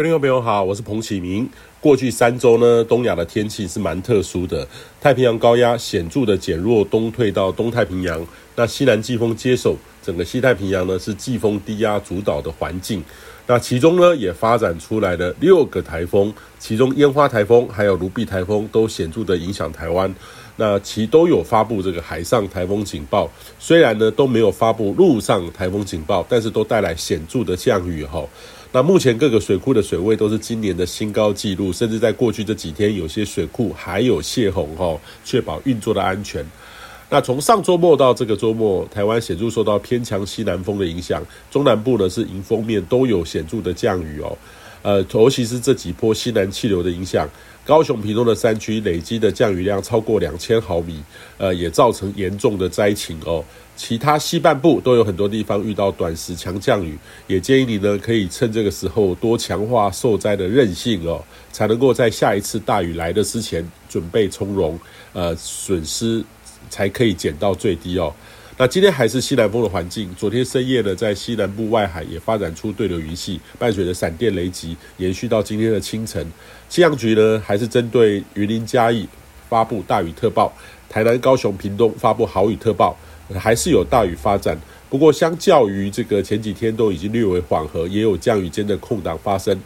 各位聽眾朋友好，我是彭啟明。過去三周呢，東亞的天氣是蠻特殊的，太平洋高壓顯著的減弱東退到東太平洋，那西南季風接手整個西太平洋呢是季風低壓主導的環境，那其中呢也發展出來了六個台風，其中烟花台風還有盧碧台風都顯著的影響台灣。那其都有發布這個海上颱風警報，雖然呢都沒有發布陸上颱風警報，但是都帶來顯著的降雨哈、哦。那目前各個水庫的水位都是今年的新高紀錄，甚至在過去這幾天有些水庫還有洩洪吼、哦，確保運作的安全。那從上周末到這個周末，台灣顯著受到偏強西南風的影響，中南部呢是迎風面都有顯著的降雨哦。呃，尤其是這幾波西南氣流的影響，高雄、屏東的山區累積的降雨量超過兩千毫米，呃，也造成嚴重的災情哦。其他西半部都有很多地方遇到短時強降雨，也建議你呢，可以趁這個時候多強化受災的韌性哦，才能夠在下一次大雨來的之前準備從容，呃，損失才可以減到最低哦。那今天還是西南風的環境，昨天深夜呢，在西南部外海也發展出對流雲系，伴隨着閃電雷擊，延續到今天的清晨。氣象局呢，還是針對雲林嘉義發布大雨特報，台南高雄屏東發布豪雨特報，呃，還是有大雨發展。不過相較於這個前幾天都已經略為緩和，也有降雨間的空檔發生。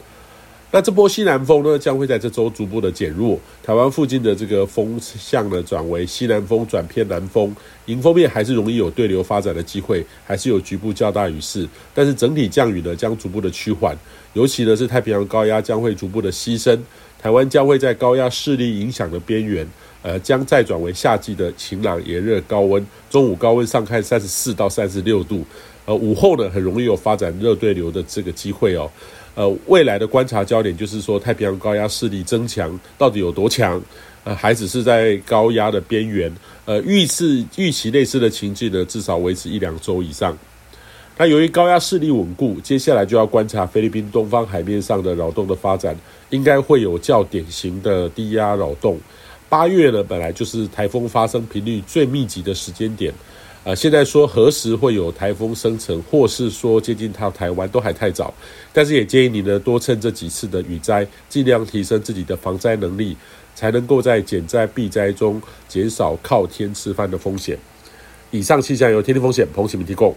那這波西南風呢，將會在這周逐步的減弱，台灣附近的這個風向呢轉為西南風轉偏南風，迎風面還是容易有對流發展的機會，還是有局部較大雨勢，但是整體降雨呢將逐步的趨緩，尤其呢是太平洋高壓將會逐步的西伸。台灣將會在高壓勢力影響的邊緣，呃，將再轉為夏季的晴朗炎熱高溫，中午高溫上看三十四到三十六度。呃，午後呢，很容易有發展熱對流的這個機會哦。呃，未來的觀察焦點就是說，太平洋高壓勢力增強到底有多強？呃，還只是在高壓的邊緣。呃，預示預期類似的情境呢，至少維持一兩周以上。那由於高壓勢力穩固，接下來就要觀察菲律賓東方海面上的擾動的發展，應該會有較典型的低壓擾動。八月呢，本來就是台風發生頻率最密集的時間點。啊、呃，現在說何時會有颱風生成，或是說接近到台灣都還太早，但是也建議你呢，多趁這幾次的雨災，盡量提升自己的防災能力，才能夠在減災避災中減少靠天吃飯的風險。以上氣象由天氣風險彭啟明提供。